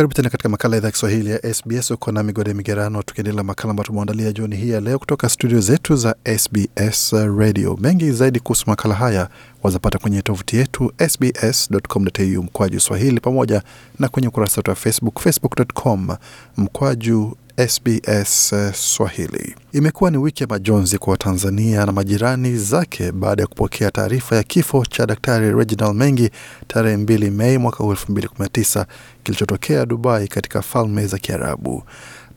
Karibu tena katika makala idhaa Kiswahili ya SBS. Uko na Migode Migerano, tukiendelea na makala ambayo tumeandalia jioni hii ya leo kutoka studio zetu za SBS Radio. Mengi zaidi kuhusu makala haya wazapata kwenye tovuti yetu sbs.com.au mkwaju swahili, pamoja na kwenye ukurasa wetu wa Facebook, facebook.com mkwaju SBS eh, Swahili. Imekuwa ni wiki ya majonzi kwa Watanzania na majirani zake baada ya kupokea taarifa ya kifo cha Daktari Reginald Mengi tarehe 2 Mei mwaka 2019 kilichotokea Dubai katika Falme za Kiarabu.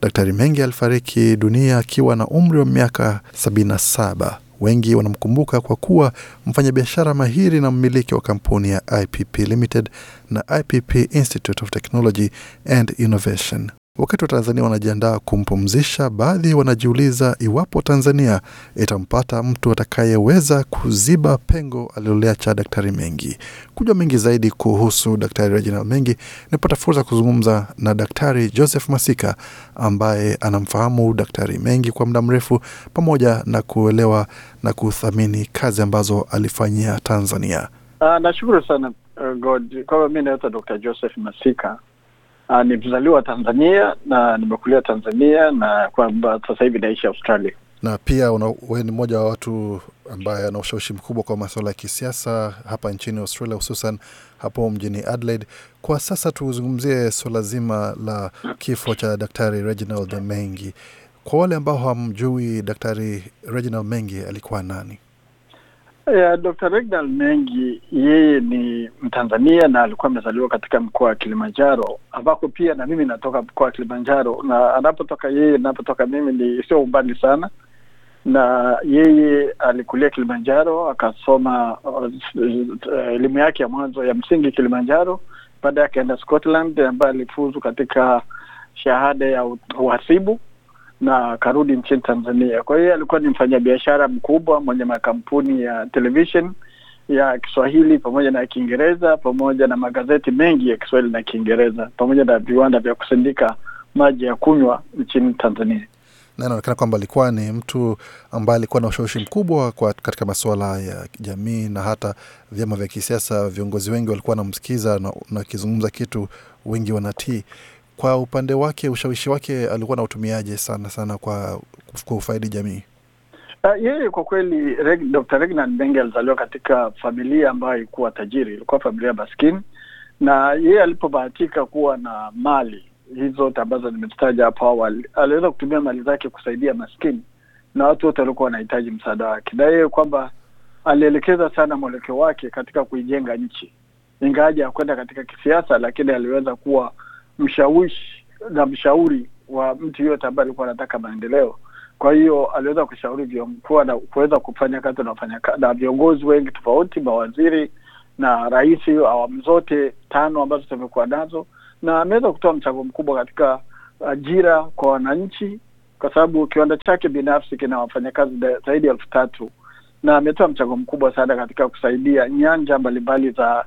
Daktari Mengi alifariki dunia akiwa na umri wa miaka 77. Wengi wanamkumbuka kwa kuwa mfanyabiashara mahiri na mmiliki wa kampuni ya IPP Limited na IPP Institute of Technology and Innovation Wakati wa Tanzania wanajiandaa kumpumzisha, baadhi wanajiuliza iwapo Tanzania itampata mtu atakayeweza kuziba pengo aliloleacha Daktari Mengi. Kujua mengi zaidi kuhusu Daktari Reginald Mengi, nimepata fursa ya kuzungumza na Daktari Joseph Masika ambaye anamfahamu Daktari Mengi kwa muda mrefu, pamoja na kuelewa na kuthamini kazi ambazo alifanyia Tanzania. Uh, nashukuru sana uh, God. Kwa mi naitwa Dr. Joseph Masika Uh, ah, ni mzaliwa Tanzania na nimekulia Tanzania na kwamba sasa hivi naishi Australia. Na pia wewe ni mmoja wa watu ambaye ana ushawishi mkubwa kwa masuala ya kisiasa hapa nchini Australia, hususan hapo mjini Adelaide. Kwa sasa tuzungumzie swala zima la kifo cha Daktari Reginald Mengi. Kwa wale ambao hamjui, Daktari Reginald Mengi alikuwa nani? Yeah, Dr. regnal Mengi yeye ni Mtanzania na alikuwa amezaliwa katika mkoa wa Kilimanjaro ambako pia na mimi natoka mkoa wa Kilimanjaro, na anapotoka yeye napotoka mimi ni sio umbali sana, na yeye alikulia Kilimanjaro akasoma eh, elimu yake ya mwanzo ya msingi Kilimanjaro, baadaye akaenda Scotland ambaye alifuzu katika shahada ya uhasibu na akarudi nchini Tanzania. Kwa hiyo alikuwa ni mfanyabiashara mkubwa mwenye makampuni ya televishen ya Kiswahili pamoja na Kiingereza pamoja na magazeti mengi ya Kiswahili na Kiingereza pamoja na viwanda vya kusindika maji ya kunywa nchini Tanzania na inaonekana kwamba alikuwa ni mtu ambaye alikuwa na ushawishi mkubwa kwa katika masuala ya kijamii na hata vyama vya kisiasa. Viongozi wengi walikuwa wanamsikiza na, na kizungumza kitu wengi wanatii. Kwa upande wake, ushawishi wake alikuwa na utumiaje sana sana kwa kufaidi jamii? Uh, yeye kwa kweli Reg, Dr. Reginald alizaliwa katika familia ambayo ilikuwa tajiri, ilikuwa familia maskini, na yeye alipobahatika kuwa na mali hizo zote ambazo nimetaja hapo awali, aliweza kutumia mali zake kusaidia maskini na watu wote walikuwa wanahitaji msaada wake, na yeye kwamba alielekeza sana mwelekeo wake katika kuijenga nchi, ingawaje hakwenda katika kisiasa, lakini aliweza kuwa mshawishi na mshauri wa mtu yote ambaye alikuwa anataka maendeleo. Kwa hiyo aliweza kushauri kuwa na kuweza kufanya kazi na na viongozi wengi tofauti, mawaziri na rais, awamu zote tano ambazo tumekuwa nazo, na ameweza kutoa mchango mkubwa katika ajira kwa wananchi, kwa sababu kiwanda chake binafsi kina wafanyakazi zaidi ya elfu tatu na ametoa mchango mkubwa sana katika kusaidia nyanja mbalimbali za,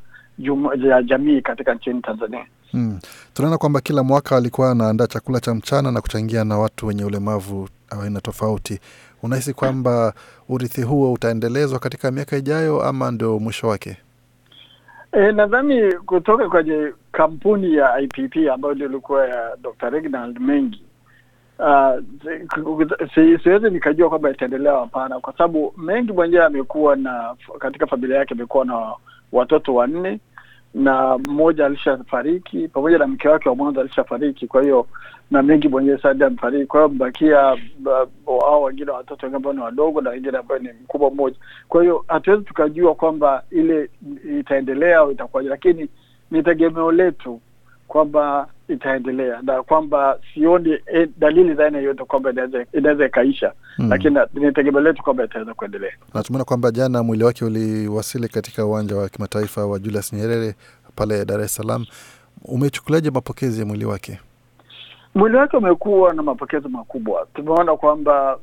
za jamii katika nchini Tanzania. Hmm. Tunaona kwamba kila mwaka alikuwa anaandaa chakula cha mchana na kuchangia na watu wenye ulemavu aina tofauti. Unahisi kwamba urithi huo utaendelezwa katika miaka ijayo ama ndio mwisho wake? E, nadhani kutoka kwenye kampuni ya IPP ambayo ndio ilikuwa ya Dr. Reginald Mengi Uh, siwezi si, si, nikajua kwamba itaendelewa, hapana, kwa sababu Mengi mwenyewe amekuwa na katika familia yake amekuwa na watoto wanne na mmoja alishafariki pamoja na mke wake wa mwanzo alishafariki, kwa hiyo na mengi mwenyewe sadi amefariki. Kwa hiyo mbakia hao wengine watoto wengi ambao ni wadogo na wengine ambayo ni mkubwa mmoja. Kwa hiyo hatuwezi tukajua kwamba ile itaendelea au itakuwaje, lakini ni tegemeo letu kwamba itaendelea na kwamba sioni e, dalili za aina kwamba inaweza ikaisha mm. Lakini ni tegemeo letu kwamba itaweza kuendelea. Na tumeona kwamba jana mwili wake uliwasili katika uwanja wa kimataifa wa Julius Nyerere pale Dar es Salaam. Umechukuliaje mapokezi ya mwili wake? Mwili wake umekuwa na mapokezi makubwa. Tumeona kwamba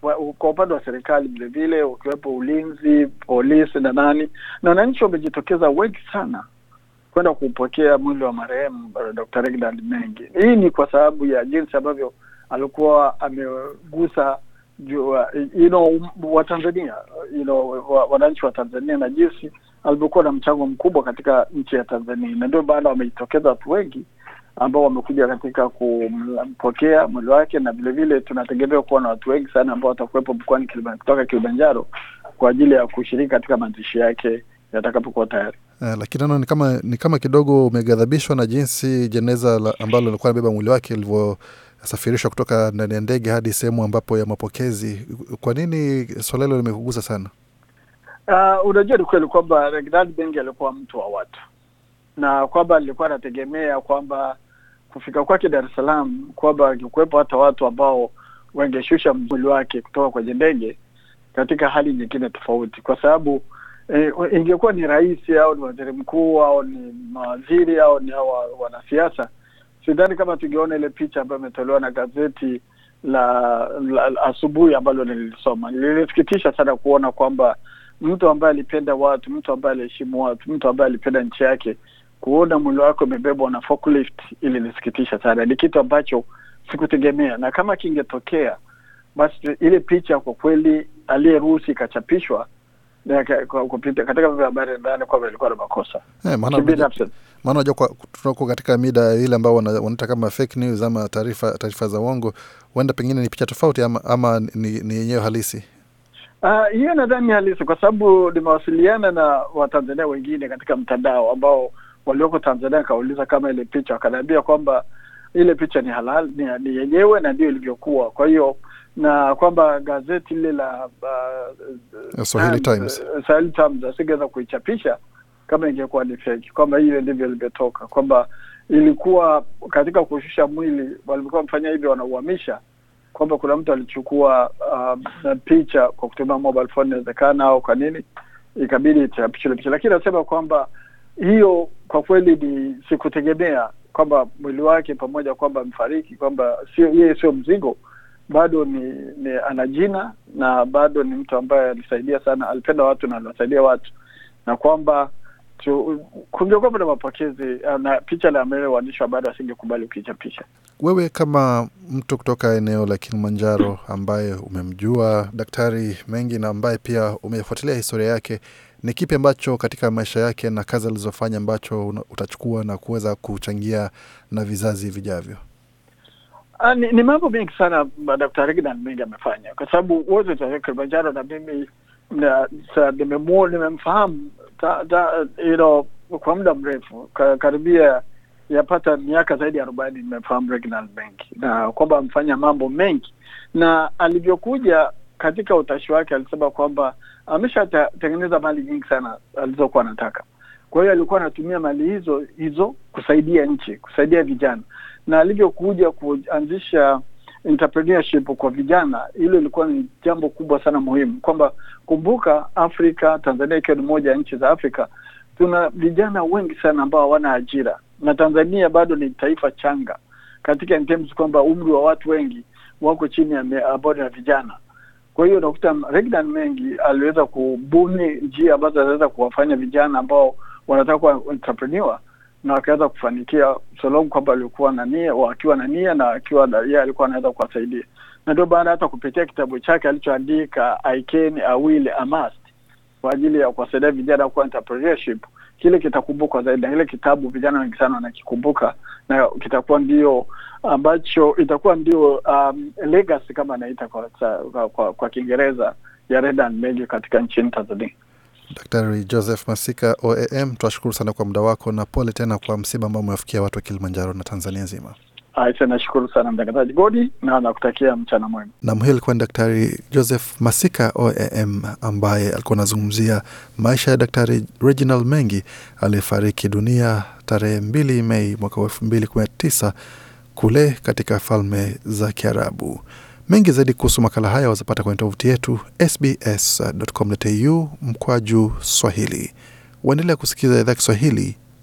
uh, kwa upande wa serikali vilevile, ukiwepo ulinzi, polisi na nani na wananchi wamejitokeza wengi sana kwenda kupokea mwili wa marehemu Dr. Reginald Mengi. Hii ni kwa sababu ya jinsi ambavyo alikuwa amegusa jua, you know, wa Tanzania you know, wananchi wa Tanzania na jinsi alivyokuwa na mchango mkubwa katika nchi ya Tanzania, na ndio maana wamejitokeza watu wengi ambao wamekuja katika kumpokea mwili wake, na vilevile tunategemea kuwa na watu wengi sana ambao watakuwepo mkoani kutoka Kilimanjaro kwa ajili ya kushiriki katika mazishi yake yatakapokuwa tayari. Eh, lakini naona ni kama, ni kama kidogo umeghadhabishwa na jinsi jeneza la, ambalo lilikuwa nabeba mwili wake ilivyosafirishwa kutoka ndani ya ndege hadi sehemu ambapo ya mapokezi. Kwa nini swala hilo limekugusa sana? Uh, unajua ni kweli kwamba Reginald Bengi alikuwa mtu wa watu na kwamba alikuwa anategemea kwamba kufika kwake Dar es Salaam kwamba angekuwepo hata watu ambao wangeshusha mwili wake kutoka kwenye ndege katika hali nyingine tofauti, kwa sababu eh, ingekuwa ni rais au ni waziri mkuu au ni mawaziri au ni hawa wanasiasa, sidhani kama tungeona ile picha ambayo imetolewa na gazeti la, la, la asubuhi ambalo nilisoma lilisikitisha sana kuona kwamba mtu ambaye alipenda watu, mtu ambaye aliheshimu watu, mtu ambaye alipenda nchi yake, kuona mwili wake umebebwa na forklift ili lisikitisha sana. Ni kitu ambacho sikutegemea, na kama kingetokea basi ile picha kwa kweli aliyeruhusi ikachapishwa kupita katika vyombo vya habari ndani kwamba ilikuwa na makosa eh, Maana unajua tunako katika mida ile ambao wanaita kama fake news ama taarifa taarifa za uongo, huenda pengine ni picha tofauti ama, ama ni yenyewe halisi ah, hiyo. Uh, nadhani halisi kwa sababu nimewasiliana na Watanzania wengine katika mtandao ambao walioko Tanzania, akauliza kama ile picha, wakanaambia kwamba ile picha ni halal ni yenyewe na ndio ilivyokuwa. Kwa hiyo na kwamba gazeti lile la uh, Swahili Times, uh, Swahili Times asingeweza kuichapisha kama ingekuwa ni feki, kwamba hiyo ndivyo ilivyotoka, kwamba ilikuwa katika kushusha mwili walikuwa wamefanya hivyo, wanauhamisha kwamba kuna mtu alichukua um, picha kwa kutumia mobile phone inawezekana, au kwa nini ikabidi ichapishwe picha, lakini anasema kwamba hiyo kwa kweli ni sikutegemea kwamba mwili wake pamoja kwamba amefariki, kwamba sio yeye, sio mzigo, bado ni, ni ana jina na bado ni mtu ambaye alisaidia sana, alipenda watu na aliwasaidia watu, na kwamba kungekuwa na mapokezi eh, na picha la mele waandishi bado asingekubali ukicha picha. Wewe kama mtu kutoka eneo la Kilimanjaro ambaye umemjua Daktari mengi na ambaye pia umefuatilia historia yake ni kipi ambacho katika maisha yake na kazi alizofanya ambacho utachukua na kuweza kuchangia na vizazi vijavyo? A, ah, ni, ni mambo mengi sana Daktari Reagan mengi amefanya, kwa sababu wote Kilimanjaro na mimi nimemfahamu you know, kwa muda mrefu karibia yapata miaka zaidi ya arobaini nimemfahamu Reginald Mengi na kwamba amefanya mambo mengi na alivyokuja katika utashi wake alisema kwamba ameshatengeneza mali nyingi sana alizokuwa anataka. Kwa hiyo alikuwa anatumia mali hizo hizo kusaidia nchi, kusaidia vijana, na alivyokuja kuanzisha entrepreneurship kwa vijana, hilo ilikuwa ni jambo kubwa sana muhimu, kwamba kumbuka, Afrika, Tanzania ikiwa ni moja ya nchi za Afrika, tuna vijana wengi sana ambao hawana ajira, na Tanzania bado ni taifa changa katika kwamba umri wa watu wengi wako chini ya abori ya vijana. Kwa hiyo Dr. Reagan Mengi aliweza kubuni njia ambazo anaweza kuwafanya vijana ambao wanataka kuwa entrepreneur na wakaweza kufanikia, Solomon kwamba alikuwa na nia, wakiwa na nia na akiwa na yeye alikuwa anaweza kuwasaidia, na ndio baada hata kupitia kitabu chake alichoandika I Can, I Will, I Must kwa ajili ya kuwasaidia vijana kuwa entrepreneurship, kile kitakumbukwa zaidi, na kile kitabu vijana wengi sana wanakikumbuka na kitakuwa ndio ambacho itakuwa ndio um, legacy kama anaita kwa, kwa, kwa, kwa Kiingereza ya Dedan Mejio katika nchini Tanzania. Daktari Joseph Masika, OAM, twashukuru sana kwa muda wako na pole tena kwa msiba ambao umewafikia watu wa Kilimanjaro na Tanzania nzima. Acha, nashukuru sana mtangazaji Godi na nakutakia mchana mwema. Nam, hii alikuwa ni Daktari Joseph Masika OAM ambaye alikuwa anazungumzia maisha ya Daktari Reginald Mengi aliyefariki dunia tarehe 2 Mei mwaka wa 2019 kule katika Falme za Kiarabu. Mengi zaidi kuhusu makala haya wazapata kwenye tovuti yetu sbs.com.au mkwaju Swahili. Waendelea kusikiliza idhaa Kiswahili